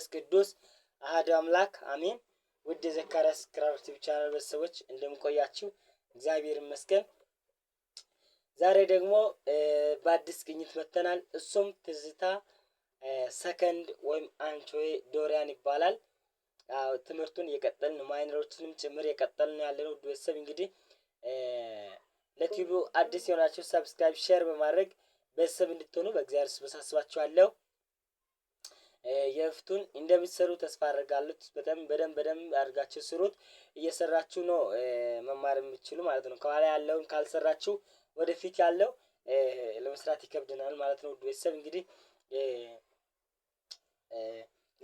መንፈስ ቅዱስ አሃዱ አምላክ አሜን። ውድ የዘካርያስ ክራር ዩቲዩብ ቻናል ቤተሰቦች እንደምቆያችሁ እግዚአብሔር ይመስገን። ዛሬ ደግሞ በአዲስ ግኝት መጥተናል። እሱም ትዝታ ሰከንድ ወይም አንቾዌ ዶሪያን ይባላል። ትምህርቱን የቀጠልን ማይነሮችንም ጭምር የቀጠልን ያለ ነው። ውድ ቤተሰብ እንግዲህ ለዩቲዩቡ አዲስ የሆናችሁ ሰብስክራይብ፣ ሼር በማድረግ ቤተሰብ እንድትሆኑ በእግዚአብሔር ስም አሳስባችኋለሁ። የፍቱን እንደምትሰሩ ተስፋ አደርጋለሁ በደንብ በደንብ በደንብ አድርጋችሁ ስሩት እየሰራችሁ ነው መማር የምትችሉ ማለት ነው። ከኋላ ያለውን ካልሰራችሁ ወደፊት ያለው ለመስራት ይከብደናል ማለት ነው። ውድ ቤተሰብ እንግዲህ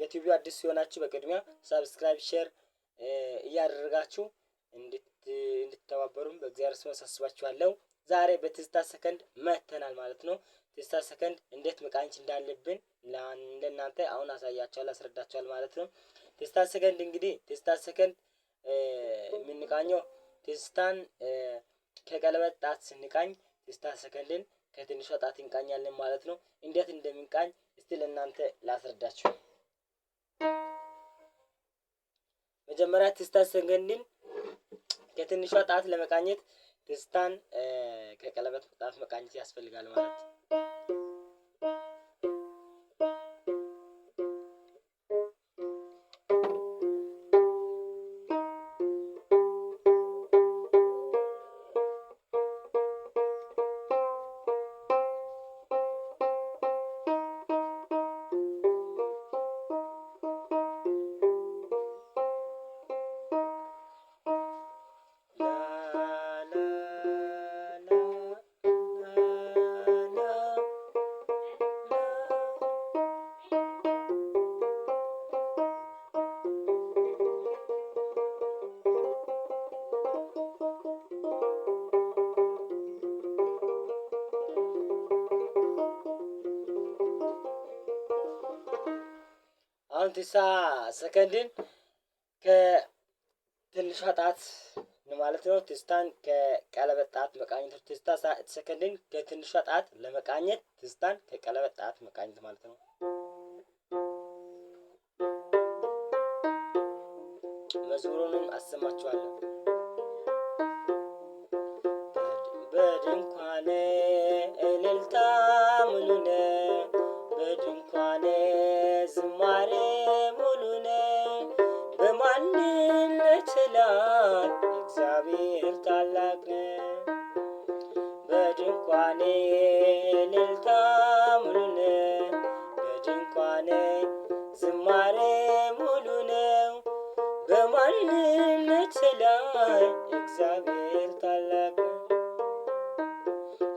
ለቲዩብ አዲስ ሲሆናችሁ በቅድሚያ ሳብስክራይብ ሼር እያደረጋችሁ እንድትተባበሩም በእግዚአብሔር ስም አሳስባችኋለሁ። ዛሬ በትዝታ ሰከንድ መተናል ማለት ነው። ትዝታ ሰከንድ እንዴት መቃኘት እንዳለብን ለእናንተ አሁን አሳያቸዋል አስረዳቸዋል ማለት ነው። ቴስታ ሰከንድ እንግዲህ ቴስታ ሰከንድ የምንቃኘው ቴስታን ከቀለበት ጣት ስንቃኝ ቴስታ ሰከንድን ከትንሿ ጣት እንቃኛለን ማለት ነው። እንዴት እንደምንቃኝ እስቲ ለእናንተ ላስረዳችሁ። መጀመሪያ ቴስታ ሰከንድን ከትንሿ ጣት ለመቃኘት ቴስታን ከቀለበት ጣት መቃኘት ያስፈልጋል ማለት ነው። አሁን ቲሳ ሰከንድን ከትንሿ ጣት ማለት ነው። ትስታን ከቀለበት ጣት መቃኘት ትስታ ሰከንድን ከትንሿ ጣት ለመቃኘት ትስታን ከቀለበት ጣት መቃኘት ማለት ነው። መዝሙሩንም አሰማችኋለሁ። በድንኳኔ እልልታ ሙሉነ በድንኳኔ ዝማሬ ሙሉ ነው በማንነት ላይ እግዚአብሔር ታላቅ ነው። በድንኳኔ እልልታ ሙሉ ነው በድንኳኔ ዝማሬ ሙሉ ነው በማንነት ላይ እግዚአብሔር ታላቅ ነው።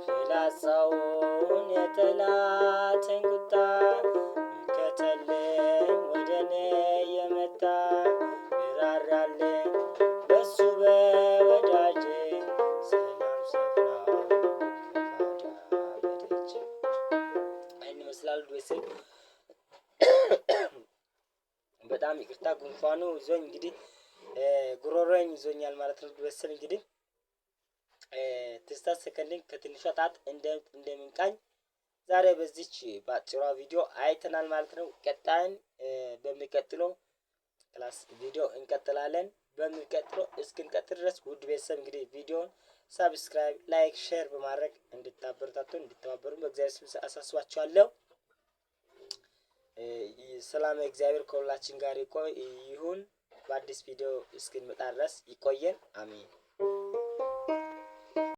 ፍላጻውን የጠላትን ቁጣ ዶሴ በጣም ይቅርታ ጉንፋኑ ይዞኝ እንግዲህ ጉሮሮኝ ይዞኛል ማለት ነው። ዶሴን እንግዲህ ትስታ ሰከንድን ከትንሿ ጣት እንደምንቃኝ ዛሬ በዚች በአጭሯ ቪዲዮ አይተናል ማለት ነው። ቀጣይን በሚቀጥለው ክላስ ቪዲዮ እንቀጥላለን። በሚቀጥለው እስክንቀጥል ድረስ ውድ ቤተሰብ እንግዲህ ቪዲዮን ሳብስክራይብ፣ ላይክ፣ ሼር በማድረግ እንድታበረታቱን እንድተባበሩን በእግዚአብሔር ስም አሳስባችኋለሁ። ሰላም እግዚአብሔር ከሁላችን ጋር ይሁን። በአዲስ ቪዲዮ እስክንመጣ ድረስ ይቆየን። አሜን